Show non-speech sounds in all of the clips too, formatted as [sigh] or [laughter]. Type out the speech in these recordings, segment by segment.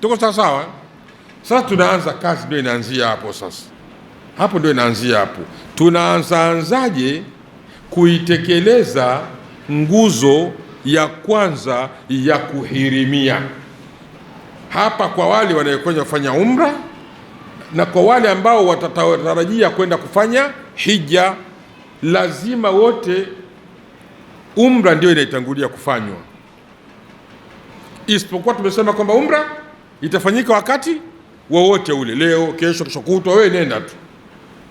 Tuko sawa sawa? Eh? Sasa tunaanza kazi, ndio inaanzia hapo sasa, hapo ndio inaanzia hapo. Tunaanzaanzaje kuitekeleza nguzo ya kwanza ya kuhirimia? Hapa kwa wale wanaokwenda kufanya umra na kwa wale ambao watatarajia kwenda kufanya hija, lazima wote, umra ndio inaitangulia kufanywa, isipokuwa tumesema kwamba umra itafanyika wakati wowote ule, leo, kesho, kesho kutwa, wewe nenda tu.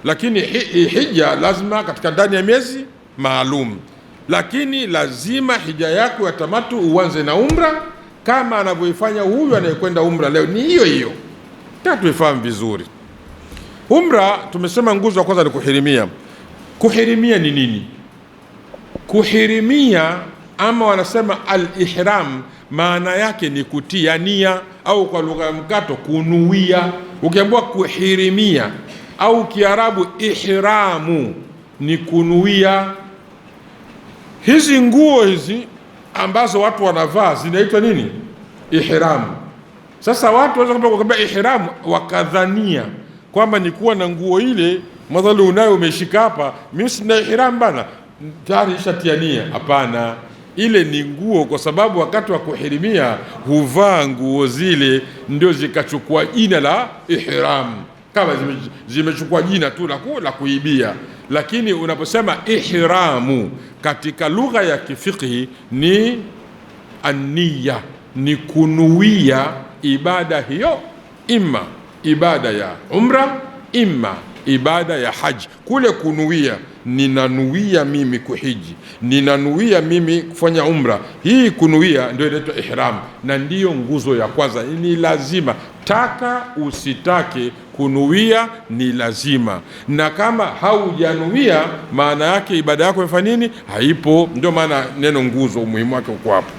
Lakini hija lazima katika ndani ya miezi maalum, lakini lazima hija yako ya tamatu uanze na umra kama anavyoifanya huyu anayekwenda umra leo, ni hiyo hiyo. Tatuifahamu vizuri. Umra tumesema nguzo ya kwanza ni kuhirimia. Kuhirimia ni nini? Kuhirimia ama wanasema al-ihram maana yake ni kutia nia, au kwa lugha ya mkato kunuia. Ukiambiwa kuhirimia au Kiarabu ihramu ni kunuia. Hizi nguo hizi ambazo watu wanavaa zinaitwa nini? Ihramu. Sasa watu waweza ihramu wakadhania kwamba ni kuwa na nguo ile, madhali unayo umeshika hapa, mimi sina ihramu bana, tayari ishatia nia. Hapana ile ni nguo, kwa sababu wakati wa kuhirimia huvaa nguo zile, ndio zikachukua jina la ihram, kama zimechukua jina tu la kuibia. Lakini unaposema ihramu katika lugha ya kifiqhi ni aniya, ni kunuia ibada hiyo, imma ibada ya umra, imma ibada ya haji, kule kunuia, ninanuia mimi kuhiji, ninanuia mimi kufanya umra. Hii kunuia ndio inaitwa ihram, na ndiyo nguzo ya kwanza. Ni lazima, taka usitake, kunuia ni lazima, na kama haujanuia, maana yake ibada yako imefanya nini? Haipo. Ndio maana neno nguzo, umuhimu wake uko hapo.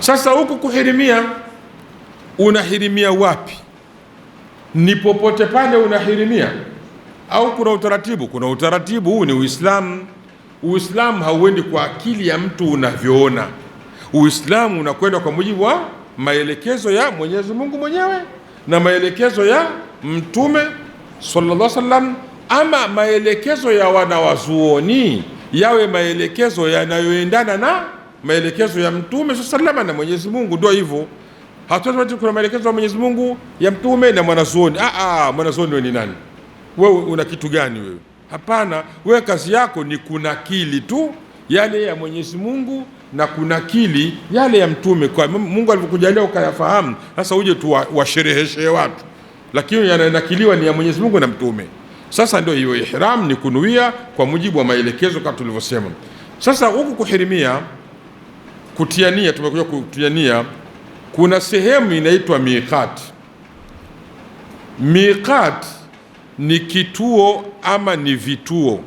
Sasa huku kuhirimia, unahirimia wapi? ni popote pale unahirimia au kuna utaratibu? Kuna utaratibu. Huu ni Uislamu. Uislamu hauendi kwa akili ya mtu unavyoona. Uislamu unakwenda kwa mujibu wa maelekezo ya Mwenyezi Mungu mwenyewe na maelekezo ya Mtume sallallahu alaihi wasallam, ama maelekezo ya wanawazuoni yawe maelekezo yanayoendana na maelekezo ya Mtume sallallahu alaihi wasallam na Mwenyezi Mungu, ndio hivyo hatuwezi kuna maelekezo ya Mwenyezi Mungu ya mtume na mwanazuoni. Ah, ah, mwanazuoni wewe ni nani? Wewe una kitu gani wewe? Hapana, wewe kazi yako ni kunakili tu yale ya Mwenyezi Mungu na kunakili yale ya mtume, kwa Mungu alivyokujalia ukayafahamu. Sasa uje tu washereheshe wa watu, lakini yananakiliwa ni ya Mwenyezi Mungu na mtume. Sasa ndio hiyo ihram, ni kunuia kwa mujibu wa maelekezo kama tulivyosema. Sasa huku kuhirimia, kutiania, tumekuja kutiania kuna sehemu inaitwa miqat miqat ni kituo ama ni vituo.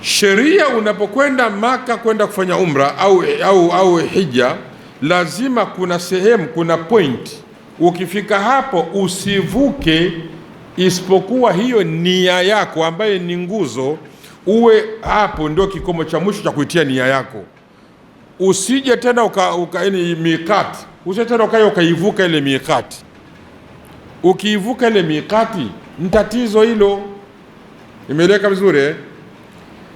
Sheria unapokwenda Maka kwenda kufanya umra au, au, au hija, lazima kuna sehemu, kuna point, ukifika hapo usivuke, isipokuwa hiyo nia yako ambayo ni nguzo, uwe hapo ndio kikomo cha mwisho cha kuitia nia yako usije tena uka, uka ni mikati, usije tena ukaye ukaivuka ile mikati. Ukiivuka ile mikati ni tatizo hilo. Imeleka vizuri eh?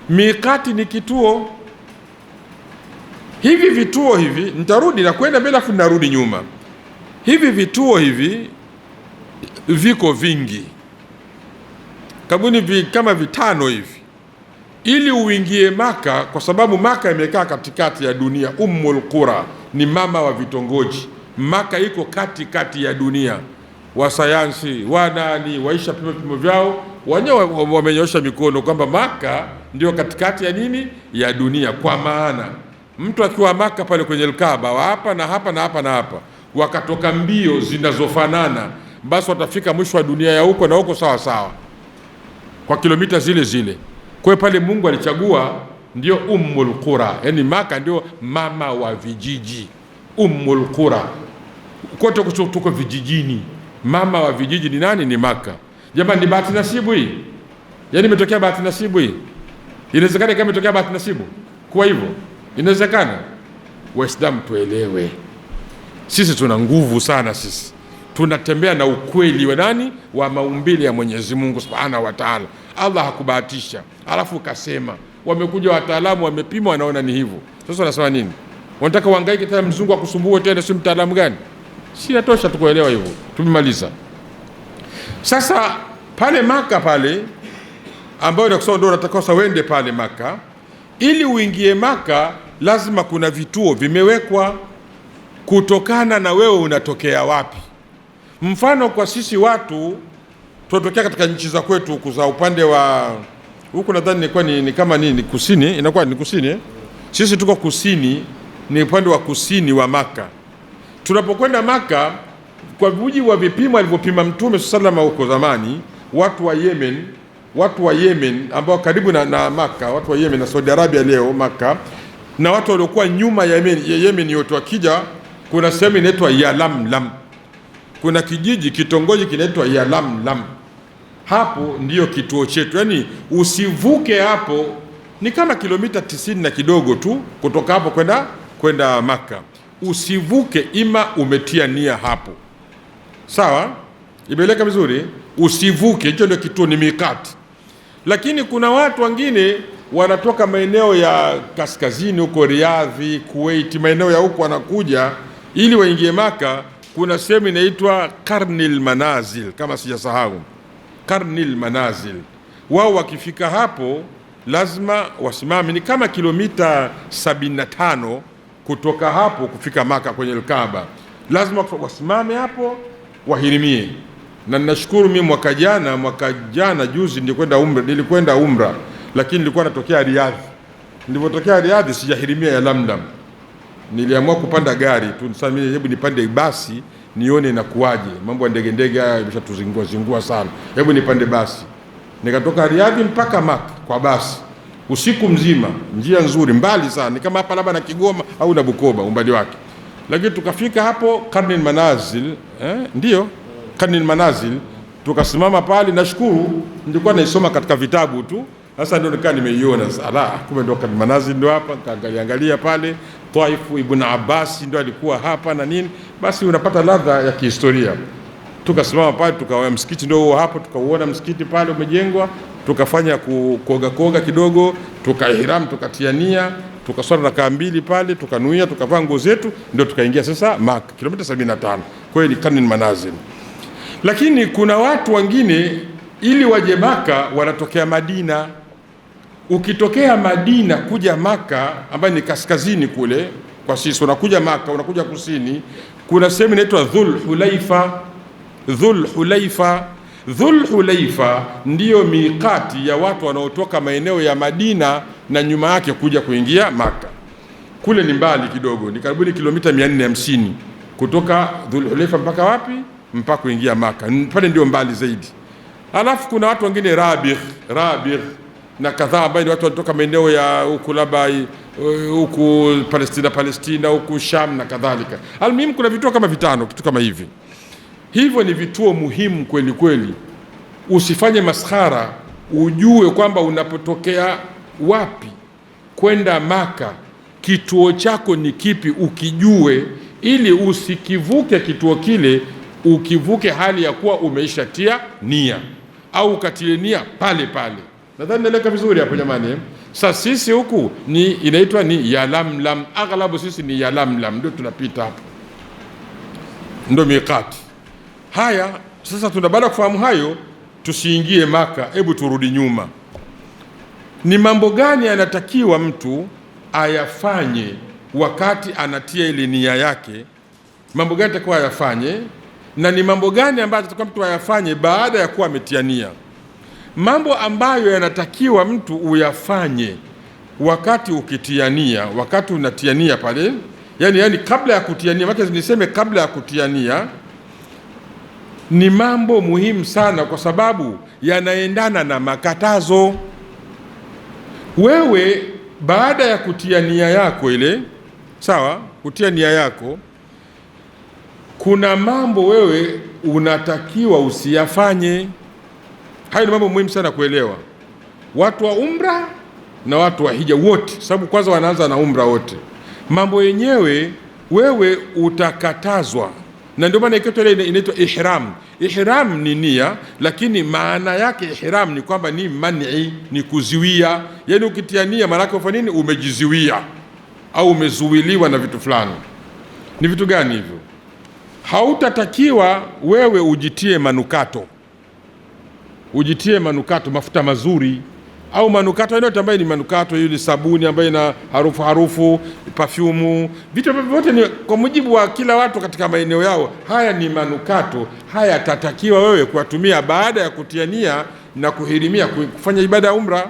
Mikati ni kituo. Hivi vituo hivi, nitarudi na kwenda mbele afu ninarudi nyuma. Hivi vituo hivi viko vingi, kabuni vi, kama vitano hivi ili uingie Maka, kwa sababu Maka imekaa katikati ya dunia. Ummul Qura ni mama wa vitongoji. Maka iko katikati ya dunia. Wasayansi wanani waisha pima pimo vyao wenyewe, wamenyosha mikono kwamba Maka ndio katikati ya nini, ya dunia. Kwa maana mtu akiwa Maka pale kwenye Alkaaba wa hapa na hapa na hapa na hapa, wakatoka mbio zinazofanana, basi watafika mwisho wa dunia ya huko na huko sawa sawa, kwa kilomita zile zile. Kwa hiyo pale Mungu alichagua ndio ummul qura, yani Maka ndio mama wa vijiji, ummul qura, kote kutuko vijijini. Mama wa vijiji ni nani? Ni Maka. Jamani, ni bahati nasibu hii? Yani imetokea bahati nasibu hii? Inawezekana kama imetokea bahati nasibu kuwa hivyo? Inawezekana. Waislamu tuelewe, sisi tuna nguvu sana, sisi tunatembea na ukweli wa nani, wa maumbile ya Mwenyezi Mungu subhanahu wa taala. Allah hakubahatisha, alafu ukasema. Wamekuja wataalamu, wamepima, wanaona ni hivyo. Sasa unasema nini? Wanataka uhangaike tena, mzungu akusumbue tena, si mtaalamu gani? Si yatosha tukuelewa hivyo, tumemaliza. Sasa pale Maka pale ambayo nakusema ndio unatakiwa sasa uende pale Maka. Ili uingie Maka, lazima kuna vituo vimewekwa kutokana na wewe unatokea wapi. Mfano kwa sisi watu tunatokea katika nchi za kwetu huku za upande wa huku, nadhani nilikuwa ni, ni kama ni, ni kusini, inakuwa ni kusini. Sisi tuko kusini, ni upande wa kusini wa Maka. Tunapokwenda Maka, kwa mujibu wa vipimo alivyopima Mtume salama huko zamani, watu wa Yemen, watu wa Yemen ambao karibu na, na Maka, watu wa Yemen na Saudi Arabia leo Maka, na watu waliokuwa nyuma ya Yemen, ya Yemen yote wakija, kuna sehemu inaitwa Yalamlam, kuna kijiji kitongoji kinaitwa Yalamlam hapo ndiyo kituo chetu, yaani usivuke hapo, ni kama kilomita tisini na kidogo tu kutoka hapo kwenda kwenda Maka. Usivuke ima umetia nia hapo, sawa, imeeleka vizuri, usivuke. Hicho ndio kituo, ni mikati. Lakini kuna watu wengine wanatoka maeneo ya kaskazini huko, Riadhi, Kuwait, maeneo ya huko, wanakuja ili waingie Maka. Kuna sehemu inaitwa Karnil Manazil kama sijasahau karnil manazil. Wao wakifika hapo lazima wasimame, ni kama kilomita 75 kutoka hapo kufika Maka kwenye Alkaaba, lazima wasimame hapo wahirimie. Na ninashukuru mimi mwaka jana mwaka jana juzi nilikwenda umra, nilikwenda umra lakini nilikuwa natokea Riyadh. Nilipotokea Riyadh sijahirimia ya Lamlam, niliamua kupanda gari tu, hebu nipande basi nione inakuwaje. Mambo ya ndege ndege haya yameshatuzingua zingua sana, hebu nipande basi. Nikatoka riadi mpaka Maka kwa basi usiku mzima, njia nzuri, mbali sana, ni kama hapa labda na Kigoma au na Bukoba umbali wake, lakini tukafika hapo Karnil Manazil eh, ndio Karnil Manazil tukasimama pale. Nashukuru nilikuwa naisoma katika vitabu tu sasa ndio nikaa nimeiona sasa, kumbe ndio manazi ndio hapa. Nikaangalia angalia pale Taif Ibn Abbas ndio alikuwa hapa na nini, basi unapata ladha ya kihistoria. Tukasimama pale tukawa msikiti ndio hapo, tukauona msikiti pale umejengwa, tukafanya kuoga koga kidogo, tukahiramu, tukatiania, tukaswali rakaa mbili pale, tukanuia, tukavaa nguo zetu, ndio tukaingia sasa Maka, kilomita 75. Kweli ni manazil, lakini kuna watu wengine ili waje Maka wanatokea Madina Ukitokea Madina kuja Maka ambayo ni kaskazini kule kwa sisi, unakuja Maka unakuja kusini, kuna sehemu inaitwa Dhul Hulaifa. Dhul Hulaifa, Dhul Hulaifa ndiyo miqati ya watu wanaotoka maeneo ya Madina na nyuma yake kuja kuingia Maka. Kule ni mbali kidogo, ni karibuni kilomita 450 kutoka Dhul Hulaifa mpaka wapi? Mpaka kuingia Maka pale, ndio mbali zaidi. Alafu kuna watu wengine Rabigh, Rabigh na kadhaa ambayo ni watu walitoka maeneo ya huku labda eh, huku Palestina Palestina huku Sham na kadhalika. Almuhimu kuna vituo kama vitano, kitu kama hivi. Hivyo ni vituo muhimu kweli kweli, usifanye maskhara, ujue kwamba unapotokea wapi kwenda Maka kituo chako ni kipi, ukijue ili usikivuke kituo kile, ukivuke hali ya kuwa umeishatia nia au ukatilia nia pale pale. Nadhani naeleka vizuri hapo jamani. Sasa eh? sisi huku ni inaitwa ni yalamlam, aghlabu sisi ni yalamlam, ndio tunapita hapo, ndio miqati. Haya sasa, tuna baada ya kufahamu hayo, tusiingie Maka, hebu turudi nyuma. Ni mambo gani anatakiwa mtu ayafanye wakati anatia ile nia yake? Mambo gani atakuwa ayafanye, na ni mambo gani ambayo atakuwa mtu ayafanye baada ya kuwa ametia nia? mambo ambayo yanatakiwa mtu uyafanye wakati ukitiania, wakati unatiania pale, yani, yani kabla ya kutiania, maana niseme kabla ya kutiania ni mambo muhimu sana, kwa sababu yanaendana na makatazo. Wewe baada ya kutia nia yako ile, sawa, kutia nia yako, kuna mambo wewe unatakiwa usiyafanye. Hayo ni mambo muhimu sana kuelewa, watu wa umra na watu wa hija wote, sababu kwanza wanaanza na umra wote. Mambo yenyewe wewe utakatazwa, na ndio maana ikiitwa ile inaitwa ihram. Ihram ni nia, lakini maana yake ihram ni kwamba ni mani, ni kuziwia. Yani ukitia nia, maana yake nini? Umejiziwia au umezuiliwa na vitu fulani. Ni vitu gani hivyo? Hautatakiwa wewe ujitie manukato ujitie manukato, mafuta mazuri au manukato yoyote ambayo ni manukato, ni sabuni ambayo ina harufu harufu, pafyumu, vitu vyote ni kwa mujibu wa kila watu katika maeneo yao. Haya ni manukato, haya tatakiwa wewe kuwatumia baada ya kutiania na kuhirimia kufanya ibada ya umra,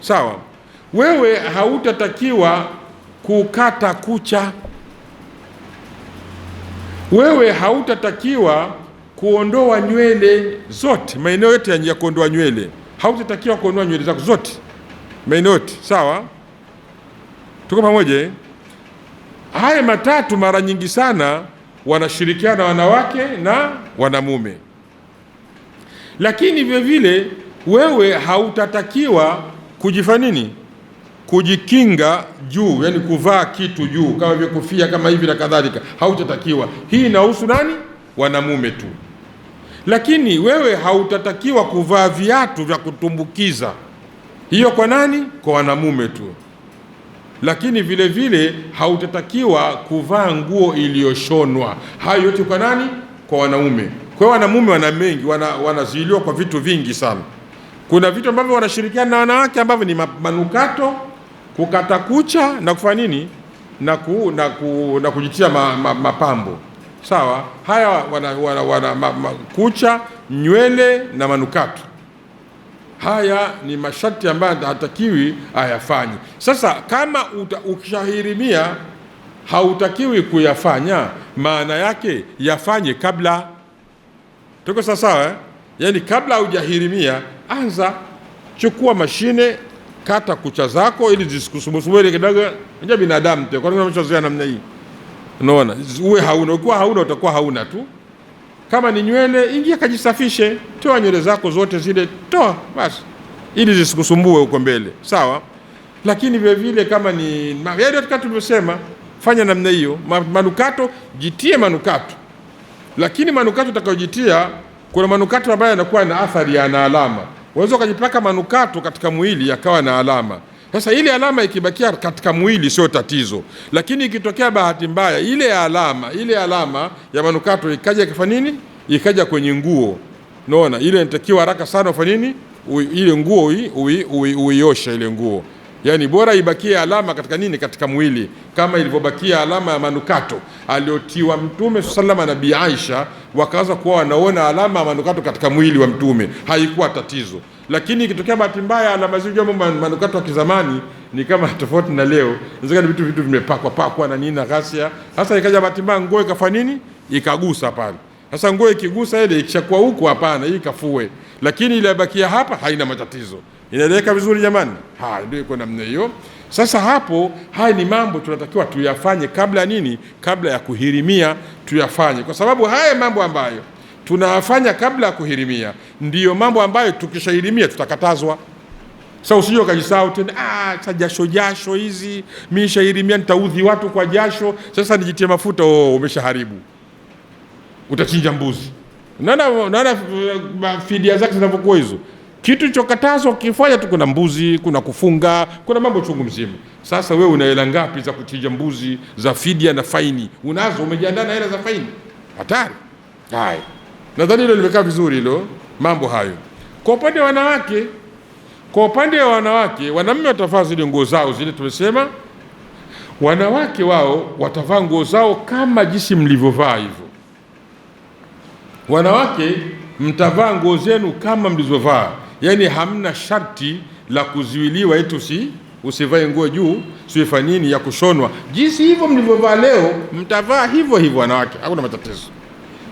sawa? Wewe hautatakiwa kukata kucha, wewe hautatakiwa kuondoa nywele zote, maeneo yote ya kuondoa nywele. Hautatakiwa kuondoa nywele zako zote, maeneo yote. Sawa, tuko pamoja. Eh? Haya matatu mara nyingi sana wanashirikiana wanawake na wanamume, lakini vile vile wewe hautatakiwa kujifanya nini, kujikinga juu, yani kuvaa kitu juu kama vile kofia kama hivi na kadhalika, hautatakiwa. Hii inahusu nani? Wanamume tu lakini wewe hautatakiwa kuvaa viatu vya kutumbukiza. Hiyo kwa nani? Kwa wanamume tu. Lakini vile vile hautatakiwa kuvaa nguo iliyoshonwa. Hayo yote kwa nani? Kwa wanaume. Kwa hiyo wanamume wana mengi, wanazuiliwa wana kwa vitu vingi sana. Kuna vitu ambavyo wanashirikiana na wanawake ambavyo ni manukato, kukata kucha na kufanya nini na, ku, na, ku, na kujitia mapambo ma, ma sawa. Haya wana, wana, wana ma, ma, kucha, nywele na manukato. Haya ni masharti ambayo hatakiwi ayafanye. Sasa kama ukishahirimia hautakiwi kuyafanya, maana yake yafanye kabla. Tuko sawa eh? Yaani kabla hujahirimia anza chukua mashine, kata kucha zako ili zisikusumbusubue kidogo. Unajua binadamu tu, kwa nini namna hii Unaona, uwe hauna. Ukiwa hauna utakuwa hauna tu. Kama ni nywele, ingia kajisafishe, toa nywele zako zote zile, toa basi, ili zisikusumbue huko mbele, sawa. Lakini vile vile kama ni yale tulivyosema, fanya namna hiyo. Manukato, jitie manukato, lakini manukato utakayojitia, kuna manukato ambayo yanakuwa na athari, yana alama. Unaweza ukajipaka manukato katika mwili yakawa na alama. Sasa ile alama ikibakia katika mwili sio tatizo, lakini ikitokea bahati mbaya ile alama ile alama ya manukato ikaja kufanya nini, ikaja kwenye nguo, unaona ile inatakiwa haraka sana ufanye nini, ile nguo uiosha ile nguo Yaani bora ibakie alama katika nini? Katika mwili, kama ilivyobakia alama ya manukato aliyotiwa Mtume salama na Bi Aisha, wakaanza kuwa wanaona alama ya manukato katika mwili wa Mtume, haikuwa tatizo. Lakini ikitokea bahati mbaya alama zio manukato ya kizamani ni kama [laughs] tofauti na leo, ni vitu vitu vimepakwa pakwa na nini na ghasia. Sasa ikaja bahati mbaya nguo ikafanya nini, ikagusa pale. Sasa nguo ikigusa ile ikishakuwa huko, hapana, hii ikafue lakini ile yabakia hapa haina matatizo. Inaeleweka vizuri jamani? Haya, ndio iko namna hiyo. Sasa hapo, haya ni mambo tunatakiwa tuyafanye kabla ya nini? Kabla ya kuhirimia tuyafanye, kwa sababu haya mambo ambayo tunayafanya kabla ya kuhirimia ndiyo mambo ambayo tukishahirimia tutakatazwa. Sasa usije ukajisahau tena, ah, sasa jasho jasho hizi mimi shahirimia nitaudhi watu kwa jasho, sasa nijitie mafuta. Oh, umeshaharibu, utachinja mbuzi Naona uh, fidia zake zinavyokuwa hizo, kitu chokatazwa kifanya tu, kuna mbuzi, kuna kufunga, kuna mambo chungu mzima. Sasa wewe una hela ngapi za kuchinja mbuzi, za fidia na faini? Unazo? umejiandaa na hela za faini? Hatari haya. Nadhani hilo limekaa vizuri, hilo mambo hayo. Kwa upande wa wanawake, kwa upande wa wanawake, wanaume watavaa zile nguo zao zile, tumesema wanawake wao watavaa nguo zao kama jinsi mlivyovaa hivyo Wanawake mtavaa nguo zenu kama mlizovaa, yaani hamna sharti la kuziwiliwa eti usi usivae nguo juu sifa nini ya kushonwa. Jinsi hivyo mlivyovaa leo, mtavaa hivyo hivyo wanawake, hakuna matatizo.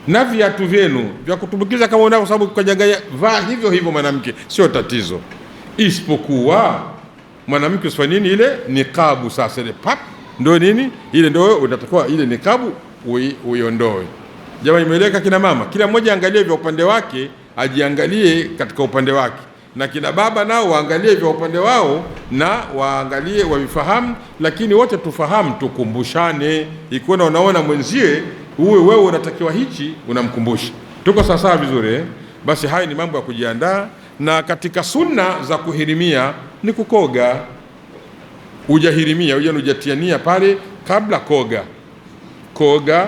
Na viatu vyenu vya kutumbukiza kama unavyo, sababu kukanyaga, vaa hivyo hivyo mwanamke, sio tatizo, isipokuwa mwanamke usifa nini ile nikabu. Sasa ile pap ndio nini ile, ndio unatakiwa ile nikabu uiondoe. Jamani, imeeleweka kina mama? Kila mmoja angalie vya upande wake, ajiangalie katika upande wake, na kina baba nao waangalie vya upande wao na waangalie wavifahamu, lakini wote tufahamu, tukumbushane. Ikiwa na unaona mwenzie uwe wewe unatakiwa hichi, unamkumbusha. Tuko sawasawa vizuri eh? Basi haya ni mambo ya kujiandaa, na katika sunna za kuhirimia ni kukoga. Ujahirimia uja pale kabla koga, koga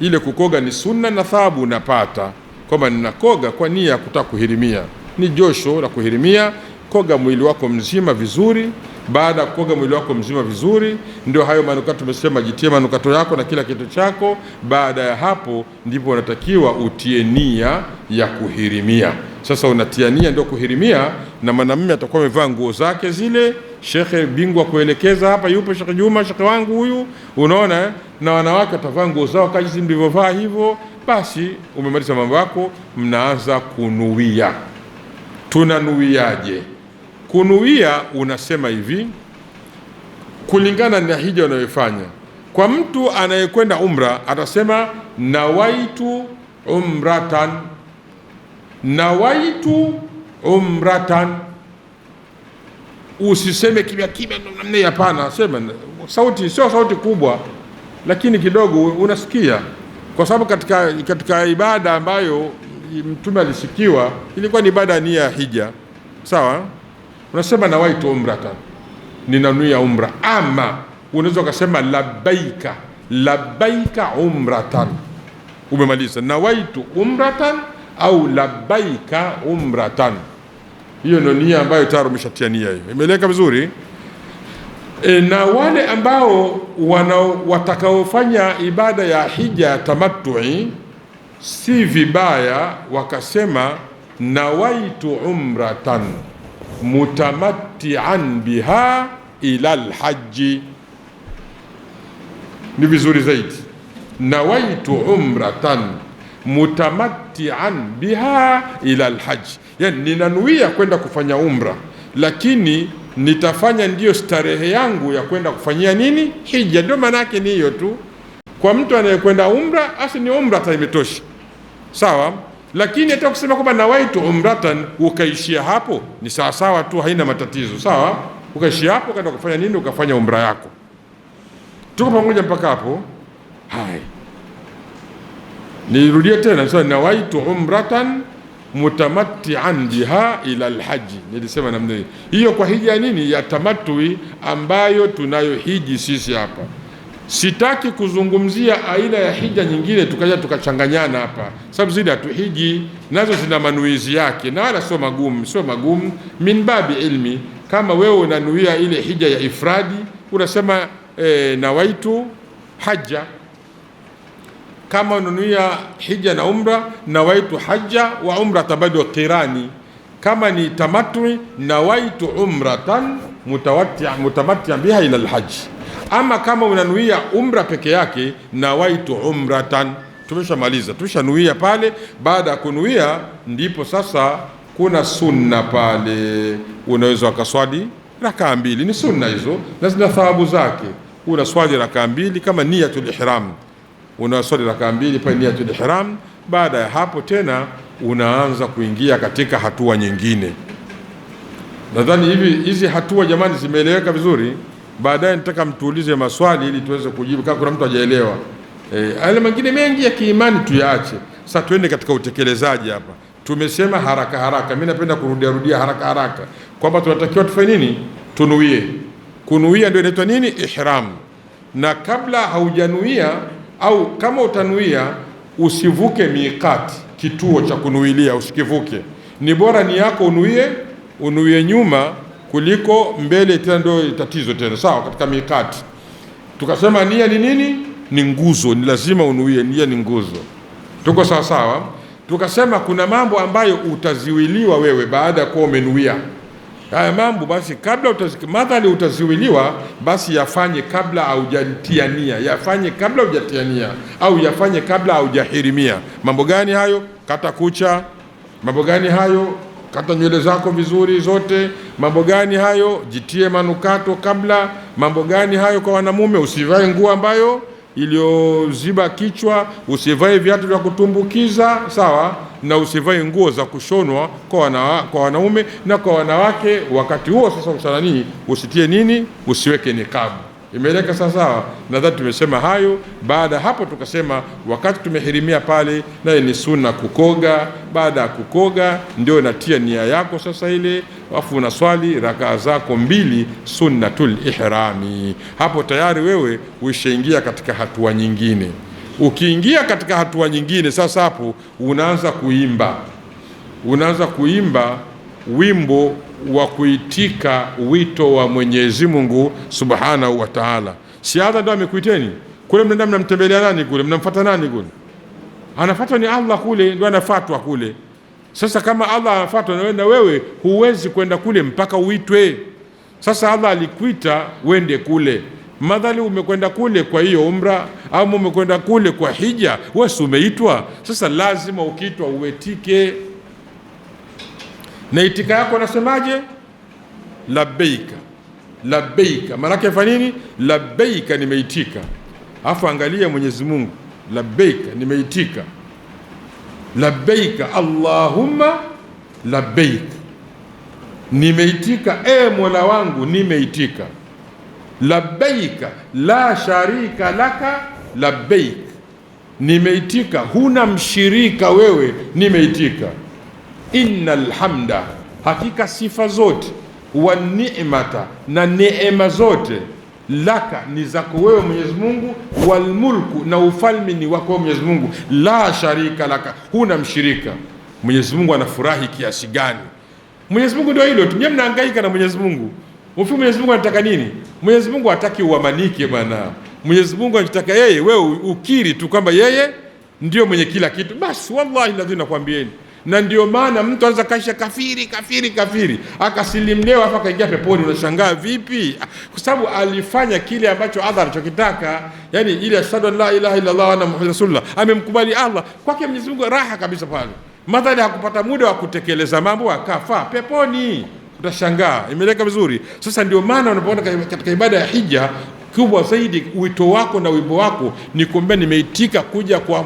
ile kukoga ni sunna na thawabu unapata kwamba ninakoga kwa nia ya kutaka kuhirimia, ni josho la kuhirimia. Koga mwili wako mzima vizuri. Baada ya kukoga mwili wako mzima vizuri, ndio hayo manukato tumesema, jitie manukato yako na kila kitu chako. Baada ya hapo, ndipo unatakiwa utie nia ya kuhirimia. Sasa unatiania ndio kuhirimia, na mwanamume atakuwa amevaa nguo zake zile. Shekhe bingwa kuelekeza hapa, yupo Shekhe Juma, shekhe wangu huyu, unaona. Eh? Na wanawake watavaa nguo zao kazi mlivyovaa hivyo. Basi umemaliza mambo yako, mnaanza kunuia. Tunanuiaje? Kunuia unasema hivi, kulingana na hija unayofanya. Kwa mtu anayekwenda umra atasema nawaitu umratan nawaitu umratan. Usiseme kimya kimya namna hii, hapana. Sema sauti, sio sauti kubwa, lakini kidogo unasikia, kwa sababu katika, katika ibada ambayo mtume alisikiwa ilikuwa ni ibada ya nia ya hija. Sawa, unasema nawaitu umratan, ninanuia umra. Ama unaweza ukasema labbaika labbaika umratan, umemaliza nawaitu umratan au labaika umratan. Hiyo ndio nia ambayo tayari umeshatia nia hiyo, imeeleka vizuri e. Na wale ambao watakaofanya ibada ya hija ya tamattu'i, si vibaya wakasema nawaitu umratan mutamattian biha ila lhaji, ni vizuri zaidi nawaitu umratan mutamattian biha ila lhaji yani ninanuia kwenda kufanya umra, lakini nitafanya ndiyo starehe yangu ya kwenda kufanyia nini, hija. Ndio maana yake ni hiyo tu. Kwa mtu anayekwenda umra, asi ni umra ta imetosha, sawa. Lakini hata kusema kwamba nawaitu umratan ukaishia hapo ni sawasawa tu, haina matatizo, sawa. Ukaishia hapo, kaenda ukafanya nini, ukafanya umra yako. Tuko pamoja mpaka hapo? Hai. Nirudie tena sasa, nawaitu umratan mutamattian biha ila alhaji. Nilisema namna hiyo hiyo kwa hija nini ya tamatui ambayo tunayo hiji sisi hapa. Sitaki kuzungumzia aina ya hija nyingine tukaja tukachanganyana hapa, sababu zile hatuhiji nazo, zina manuizi yake na wala sio magumu, sio magumu. Min babi ilmi, kama wewe unanuia ile hija ya ifradi unasema e, nawaitu haja kama unanuia hija na umra, nawaitu haja wa umrata bado qirani. Kama ni tamatui, nawaitu umratan mutamatia biha ila lhaji. Ama kama unanuia umra peke yake, nawaitu umratan. Tumeshamaliza, tumeshanuia pale. Baada ya kunuia, ndipo sasa kuna sunna pale, unaweza ukaswali rakaa mbili. Ni sunna hizo na zina thawabu zake. Unaswali rakaa mbili kama niyatul ihram unaswali rakaa mbili pale niyatul ihram. Baada ya hapo tena unaanza kuingia katika hatua nyingine. Nadhani hivi hizi hatua jamani, zimeeleweka vizuri. Baadaye nitaka mtuulize maswali ili tuweze kujibu kama kuna mtu hajaelewa. E, yale mengine mengi ya kiimani tuyaache. Sasa tuende katika utekelezaji hapa. Tumesema haraka haraka, mimi napenda kurudia rudia haraka haraka kwamba tunatakiwa tufanye nini? Tunuie. Kunuia ndio inaitwa nini? Ihram. Na kabla haujanuia au kama utanuia usivuke miikati, kituo cha kunuilia usikivuke. Ni bora ni yako unuie unuie nyuma kuliko mbele, tena ndio tatizo tena, sawa. Katika miikati tukasema nia ni nini? Ni nguzo, ni lazima unuie. Nia ni nguzo, tuko sawa sawa. Tukasema kuna mambo ambayo utaziwiliwa wewe baada ya kuwa umenuia. Haya mambo basi, kabla madhali utaziwiliwa basi yafanye kabla haujatia nia, yafanye kabla hujatia nia, au yafanye kabla haujahirimia. Mambo gani hayo? Kata kucha. Mambo gani hayo? Kata nywele zako vizuri zote. Mambo gani hayo? Jitie manukato kabla. Mambo gani hayo? Kwa wanamume, usivae nguo ambayo iliyoziba kichwa, usivae viatu vya kutumbukiza, sawa na usivae nguo za kushonwa kwa, wana, kwa wanaume na kwa wanawake. Wakati huo sasa usananii usitie nini, usiweke nikabu imeeleka sawa Nadhani tumesema hayo. Baada ya hapo, tukasema wakati tumehirimia pale, naye ni sunna kukoga. Baada ya kukoga, ndio inatia nia yako sasa ile, alafu unaswali rakaa zako mbili sunnatul ihrami. Hapo tayari wewe uishaingia katika hatua nyingine. Ukiingia katika hatua nyingine, sasa hapo unaanza kuimba, unaanza kuimba wimbo wa kuitika wito wa Mwenyezi Mungu Subhanahu wa Ta'ala. Siadha ndio amekuiteni kule, mnaenda mnamtembelea nani kule, mnamfuata nani kule? Anafuatwa ni Allah kule, ndio anafuatwa kule. Sasa kama Allah anafuatwa na wewe, na wewe huwezi kwenda kule mpaka uitwe. Sasa Allah alikuita wende kule, madhali umekwenda kule kwa hiyo umra au umekwenda kule kwa hija, wewe umeitwa. Sasa lazima ukiitwa uwetike na itika yako anasemaje Labbeika, labeika Maanake fa nini? labeika nimeitika. Afu angalia Mwenyezi Mungu, labbeika, nimeitika. labeika allahumma labbeika, nimeitika. E mola wangu, nimeitika. labeika la sharika laka labbeik, nimeitika. Huna mshirika wewe, nimeitika innal hamda, hakika sifa zote, wa ni'mata, na neema zote, laka ni zako wewe Mwenyezi Mungu, walmulku, na ufalme ni wako Mwenyezi Mungu, la sharika laka, huna mshirika. Mwenyezi Mungu anafurahi kiasi gani? Mwenyezi Mungu ndio hilo tu. Nyinyi mnahangaika na Mwenyezi Mungu, mfi Mwenyezi Mungu anataka nini? Mwenyezi Mungu hataki uamanike bwana. Mwenyezi Mungu anataka yeye, wewe ukiri tu kwamba yeye ndio mwenye kila kitu, basi wallahi lazima nakwambieni na ndio maana mtu anaweza kaisha kafiri kafiri kafiri akasilimu leo hapa akaingia peponi. Unashangaa vipi? Kwa sababu alifanya kile ambacho Allah anachokitaka, yani ile ashhadu an la ilaha illa Allah wa anna rasulullah, amemkubali Allah. Kwake Mwenyezi Mungu raha kabisa pale, madhali hakupata muda wa kutekeleza mambo, akafa peponi. Utashangaa, imeleka vizuri. Sasa ndio maana unapoona katika ibada ya hija kubwa zaidi, wito wako na wimbo wako ni kuambia nimeitika kuja kwa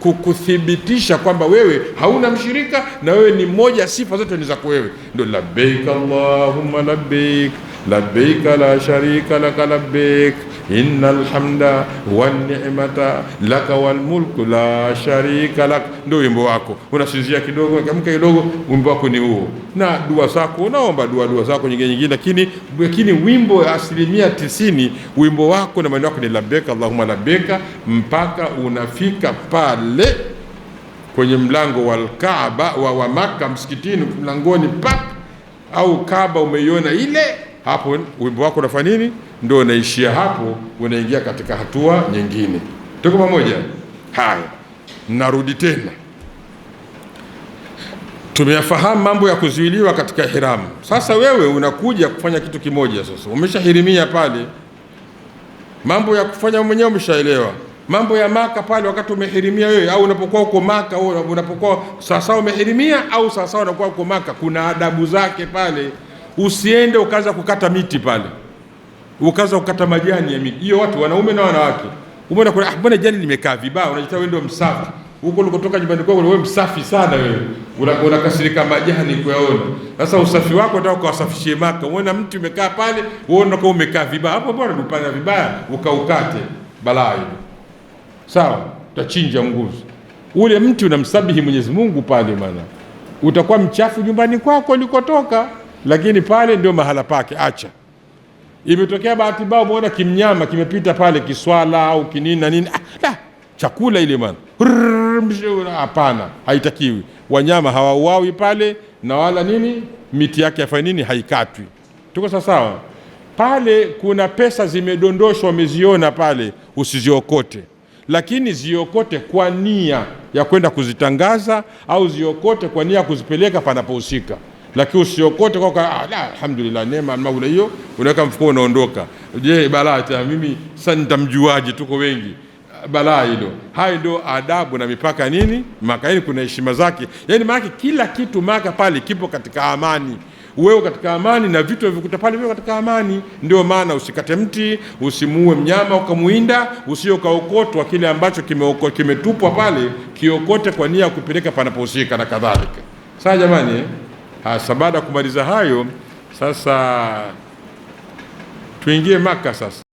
kukuthibitisha kwamba wewe hauna mshirika na wewe ni moja, sifa zote ni zako wewe. Ndio labbaik allahumma labbaik labbaik la sharika laka labbaik innal hamda wan ni'mata laka wal mulku la sharika lak, ndio wimbo wako. Unasinzia kidogo, kamka kidogo, wimbo wako ni huo, na dua zako unaomba dua dua zako nyingine nyingine, lakini lakini wimbo asilimia tisini wimbo wako na maneno yako ni labeka allahumma labeka, mpaka unafika pale kwenye mlango wal Kaaba wa, wa msikitini mlangoni pak au Kaaba umeiona ile hapo wimbo wako unafanya nini, ndio unaishia hapo, unaingia katika hatua nyingine. Tuko pamoja? Haya, narudi tena. Tumeyafahamu mambo ya kuzuiliwa katika ihramu. Sasa wewe unakuja kufanya kitu kimoja, sasa umeshahirimia pale, mambo ya kufanya mwenyewe umeshaelewa mambo ya Maka pale wakati umehirimia wewe, au unapokuwa uko Maka, au unapokuwa sasa umehirimia, au sasa unakuwa uko Maka, kuna adabu zake pale. Usiende ukaanza kukata miti pale, ukaanza kukata majani ya miti hiyo, watu wanaume na wanawake. Umeona kuna ah, mbona jani limekaa vibaya, unajita wewe ndio msafi huko ulikotoka nyumbani kwako, wewe msafi sana wewe, unakasirika majani kuyaona. Sasa usafi wako unataka ukawasafishie Maka. Umeona mti umekaa pale, uone kama umekaa vibaya hapo, bora upanda vibaya ukaukate, balaa hiyo. Sawa, utachinja nguzo. Ule mti unamsabihi Mwenyezi Mungu pale, maana utakuwa mchafu nyumbani kwako ulikotoka lakini pale ndio mahala pake, acha. Imetokea bahati mbaya, umeona kimnyama kimepita pale, kiswala au kinini na nini, ah, chakula ile man, hapana, haitakiwi. Wanyama hawauawi pale na wala nini, miti yake afanye nini, haikatwi. Tuko sawasawa pale. Kuna pesa zimedondoshwa, umeziona pale, usiziokote lakini ziokote kwa nia ya kwenda kuzitangaza au ziokote kwa nia ya kuzipeleka panapohusika lakini usiokote kwa ah, alhamdulillah, neema maula hiyo unaweka mfuko unaondoka. Je, balaa ah, mimi sasa nitamjuaje? Tuko wengi balaa hilo. Hayo ndio adabu na mipaka nini Maka, yani kuna heshima zake, yani maana kila kitu Maka pale kipo katika amani wewe katika amani na vitu vikuta pale wewe katika amani. Ndio maana usikate mti, usimuue mnyama ukamuinda, usio kaokotwa kile ambacho kimeokotwa kimetupwa pale, kiokote kwa nia ya kupeleka panapohusika na kadhalika. Sasa jamani eh? Hasa ah, baada ya kumaliza hayo sasa tuingie Maka sasa.